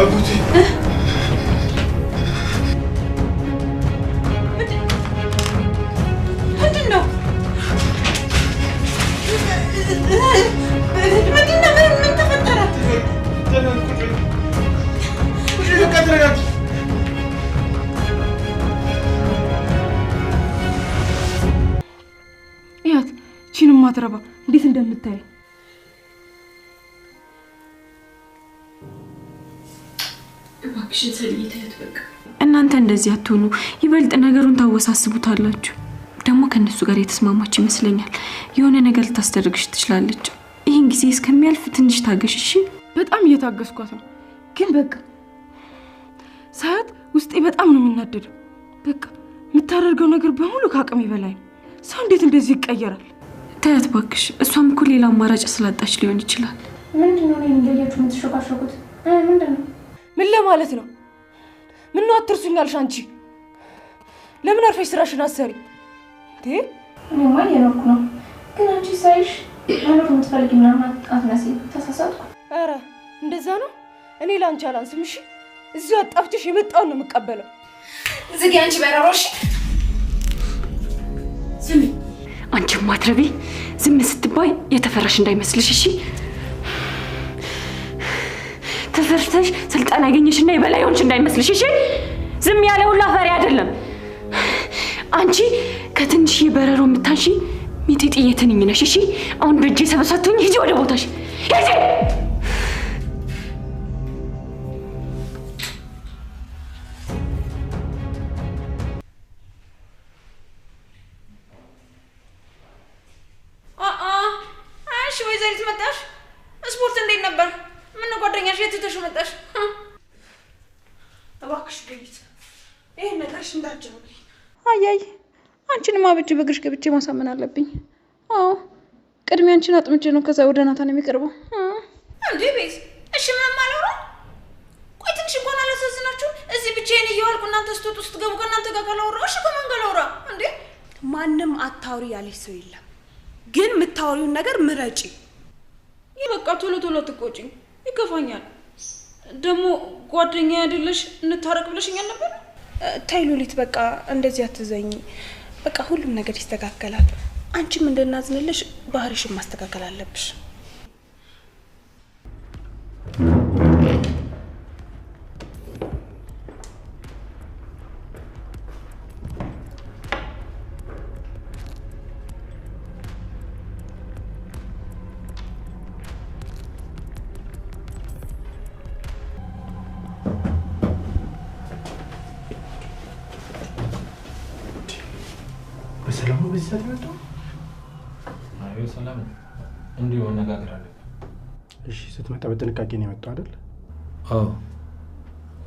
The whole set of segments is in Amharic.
አጎቴ ምንድን ያት ቺንም ማትረባ እንዴት እንደምታይ እባክሽን እናንተ እንደዚህ አትሆኑ፣ ይበልጥ ነገሩን ታወሳስቡታላችሁ። ደግሞ ከእነሱ ጋር የተስማማች ይመስለኛል። የሆነ ነገር ልታስደርግሽ ትችላለች። ይህን ጊዜ እስከሚያልፍ ትንሽ ታገሽ እሺ። በጣም እየታገስኳት ነው፣ ግን በቃ ሰዓት ውስጤ በጣም ነው የሚናደደው። በቃ የምታደርገው ነገር በሙሉ ከአቅሜ በላይ ነው። ሰው እንዴት እንደዚህ ይቀየራል? ታያት ባክሽ። እሷም እኮ ሌላ አማራጭ ስላጣች ሊሆን ይችላል። ምንድነው እንደያችሁ የምትሸቃሸቁት? ምንድነው ምን ለማለት ነው? ምን አትርሱኝ አልሽ አንቺ? ለምን አርፈሽ ስራሽን አሰሪ እንዴ? እኔማ እየኖርኩ ነው፣ ግን አንቺ ሳይሽ መኖር የምትፈልጊ ምናምን አትመስይ። ተሳሳትኩ። ኧረ እንደዛ ነው። እኔ ለአንቺ አላንስም። እሺ፣ እዚሁ አጣፍጭሽ የመጣውን ነው የምቀበለው። ዝጊ አንቺ በረሮሽ። ስሚ አንቺ ማትረቢ፣ ዝም ስትባይ የተፈራሽ እንዳይመስልሽ እሺ ተደርተሽ ስልጣን ያገኘሽና የበላይ ሆንሽ እንዳይመስልሽ እሺ። ዝም ያለ ሁሉ አፈሪ አይደለም። አንቺ ከትንሽ በረሮ የምታንሺ ሚጢጢ ትንኝ ነሽ። እሺ፣ አሁን በእጄ ሰበሳቱኝ። ሂጂ ወደ ቦታሽ ሂጂ። ወይዘሪት መጣሽ? ስፖርት እንዴት ነበር? ጓደኛሽ የት ትተሽው መጣሽ? እባክሽ ገይት ይሄን ነገርሽ እንዳትጀምሪ። አያይ አንቺንማ በእጅ በእግርሽ ገብቼ ማሳመን አለብኝ። አዎ ቅድሚያ አንቺን አጥምጄ ነው ከዛ ወደ ናታን የሚቀርበው። እንዴ ቤት እሺ ምንም አላወራም። ቆይ ትንሽ እንኳን አላሳዝናችሁ። እዚህ ብቻዬን እየዋልኩ እናንተ ስትወጡ ስትገቡ ከእናንተ ጋር ካላወራ እሺ ከማን ጋር ላውራ እንዴ? ማንም አታውሪ ያለች ሰው የለም። ግን የምታወሪውን ነገር ምረጪ። ይህ በቃ ቶሎ ቶሎ ትቆጪኝ ይገፋኛል። ደግሞ ጓደኛ አይደለሽ እንታረቅ ብለሽኛል ነበር። ተይ ሉሊት፣ በቃ እንደዚህ አትዘኝ። በቃ ሁሉም ነገር ይስተካከላል። አንቺም እንድናዝንልሽ ባህሪሽን ማስተካከል አለብሽ። እዚህ ሰዓት የመጣው? አይ ሰላም፣ እንዲሁ መነጋገር አለብን። እሺ፣ ስትመጣ በጥንቃቄ ነው የመጣው አይደል? አዎ፣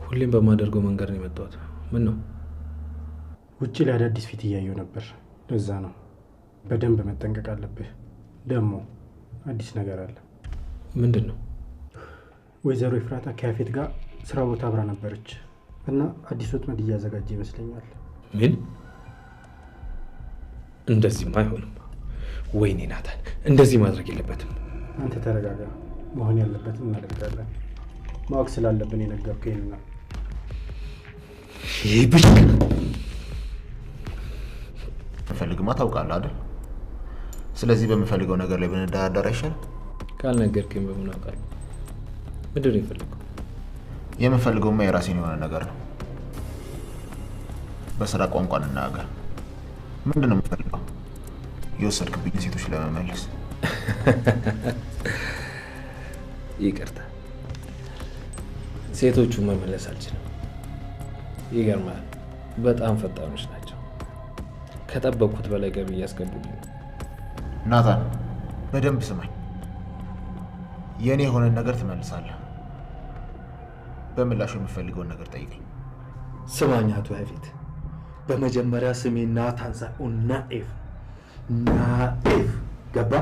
ሁሌም በማደርገው መንገድ ነው የመጣሁት። ምን ነው ውጭ ላይ አዳዲስ ፊት እያየው ነበር። ለዛ ነው። በደንብ መጠንቀቅ አለብህ። ደግሞ አዲስ ነገር አለ። ምንድን ነው? ወይዘሮ ኤፍራታ ከያፌት ጋር ስራ ቦታ አብራ ነበረች እና አዲስ ወጥመድ እያዘጋጀ ይመስለኛል። ምን እንደዚህም አይሆንም። ወይኔ ናታን፣ እንደዚህ ማድረግ የለበትም። አንተ ተረጋጋ። መሆን ያለበትም እናደርጋለን። ማወቅ ስላለብን የነገርከኝ ነው። ይህ ብቻ ፈልግማ ታውቃለህ አይደል? ስለዚህ በምፈልገው ነገር ላይ ብንደራደር አይሻልም? ካልነገርከኝ በምን አውቃለሁ? ምንድን ነው የፈለገው? የምፈልገውማ የራሴን የሆነ ነገር ነው። በስራ ቋንቋ እንናገር። ምንድን ነው የምፈልገው? የወሰድክብኝ ሴቶች ለመመለስ ይቅርታ፣ ሴቶቹ መመለስ አልችልም። ይገርማል፣ በጣም ፈጣኖች ናቸው። ከጠበቅኩት በላይ ገቢ እያስገቡልኝ። ናታን፣ በደንብ ስማኝ። የእኔ የሆነን ነገር ትመልሳለህ፣ በምላሹ የምፈልገውን ነገር ጠይቀኝ። ስማኝ አቶ ያፌት በመጀመሪያ ስሜ ናታን ሳይሆን ናኤፍ ናኤፍ ገባ።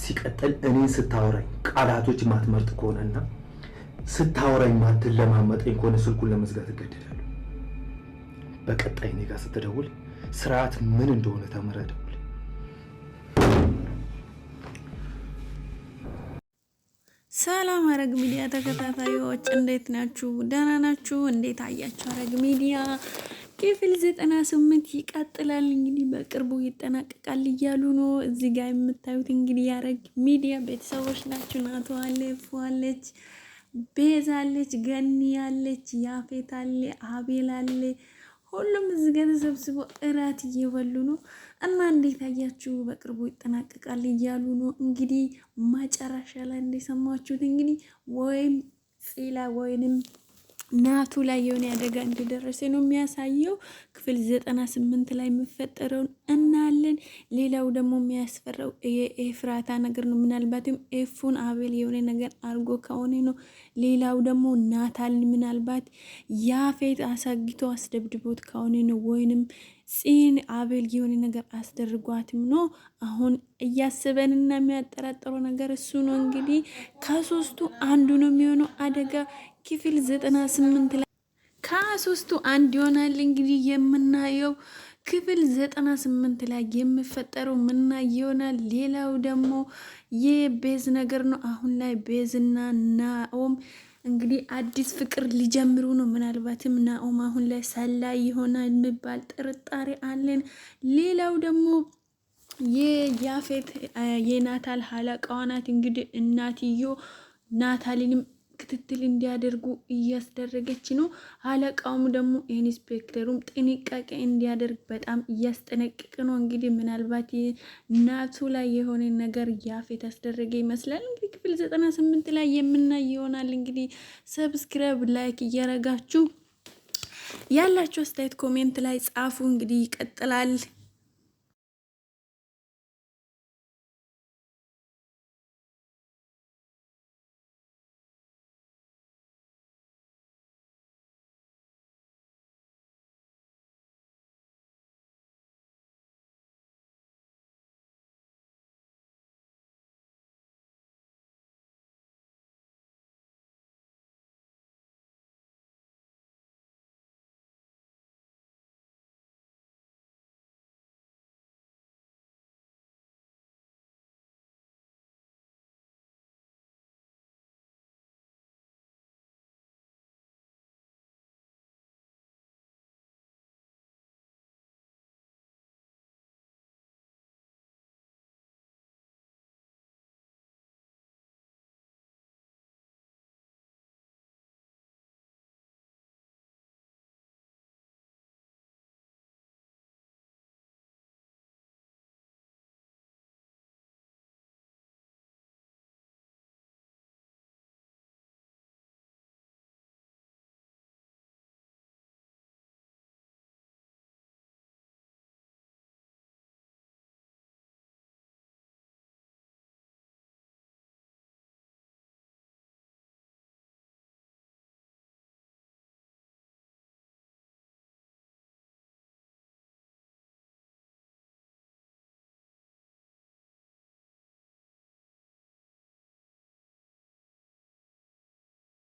ሲቀጥል እኔን ስታወራኝ ቃላቶች ማትመርጥ ከሆነና ስታወራኝ ማትለማመጠኝ ከሆነ ስልኩን ለመዝጋት እገደዳለሁ። በቀጣይ እኔ ጋር ስትደውል ስርዓት ምን እንደሆነ ተምረህ ደውል። ሰላም አረግ ሚዲያ ተከታታዮች እንዴት ናችሁ? ደህና ናችሁ? እንዴት አያችሁ አረግ ሚዲያ ክፍል ዘጠና ስምንት ይቀጥላል። እንግዲህ በቅርቡ ይጠናቀቃል እያሉ ነው። እዚህ ጋር የምታዩት እንግዲህ ያረግ ሚዲያ ቤተሰቦች ናችሁ። ናቶ አለ፣ ፏለች፣ ቤዛለች፣ ገኒ ያለች፣ ያፌት አለ፣ አቤል አለ። ሁሉም እዚህ ጋር ተሰብስቦ እራት እየበሉ ነው እና እንዴት አያችሁ በቅርቡ ይጠናቀቃል እያሉ ነው። እንግዲህ መጨረሻ ላይ እንደሰማችሁት እንግዲህ ወይም ፂላ ወይንም ናቱ ላይ የሆነ አደጋ እንደደረሰ ነው የሚያሳየው። ክፍል ዘጠና ስምንት ላይ የሚፈጠረውን እናያለን። ሌላው ደግሞ የሚያስፈራው የኤፍራታ ነገር ነው። ምናልባትም ኤፉን አቤል የሆነ ነገር አርጎ ከሆነ ነው። ሌላው ደግሞ ናታልን ምናልባት ያፌት አሳግቶ አስደብድቦት ከሆነ ነው ወይንም ፂን አቤል የሆነ ነገር አስደርጓትም ነው። አሁን እያስበንና የሚያጠራጥረው ነገር እሱ ነው። እንግዲህ ከሶስቱ አንዱ ነው የሚሆነው አደጋ ክፍል ዘጠና ስምንት ላይ ከሶስቱ አንድ ይሆናል። እንግዲህ የምናየው ክፍል ዘጠና ስምንት ላይ የምፈጠረው ምና ይሆናል። ሌላው ደግሞ የቤዝ ነገር ነው። አሁን ላይ ቤዝና ናኦም እንግዲህ አዲስ ፍቅር ሊጀምሩ ነው። ምናልባትም ናኦም አሁን ላይ ሰላይ ይሆናል የሚባል ጥርጣሬ አለን። ሌላው ደግሞ የያፌት የናታል ሀለቃዋ ናት። እንግዲህ እናትዮ ናታልንም ክትትል እንዲያደርጉ እያስደረገች ነው። አለቃውም ደግሞ ኢንስፔክተሩም ጥንቃቄ እንዲያደርግ በጣም እያስጠነቅቅ ነው። እንግዲህ ምናልባት ናቱ ላይ የሆነ ነገር ያፍ የታስደረገ ይመስላል። እንግዲህ ክፍል ዘጠና ስምንት ላይ የምናይ ይሆናል። እንግዲህ ሰብስክራይብ፣ ላይክ እያረጋችሁ ያላችሁ አስተያየት ኮሜንት ላይ ጻፉ። እንግዲህ ይቀጥላል።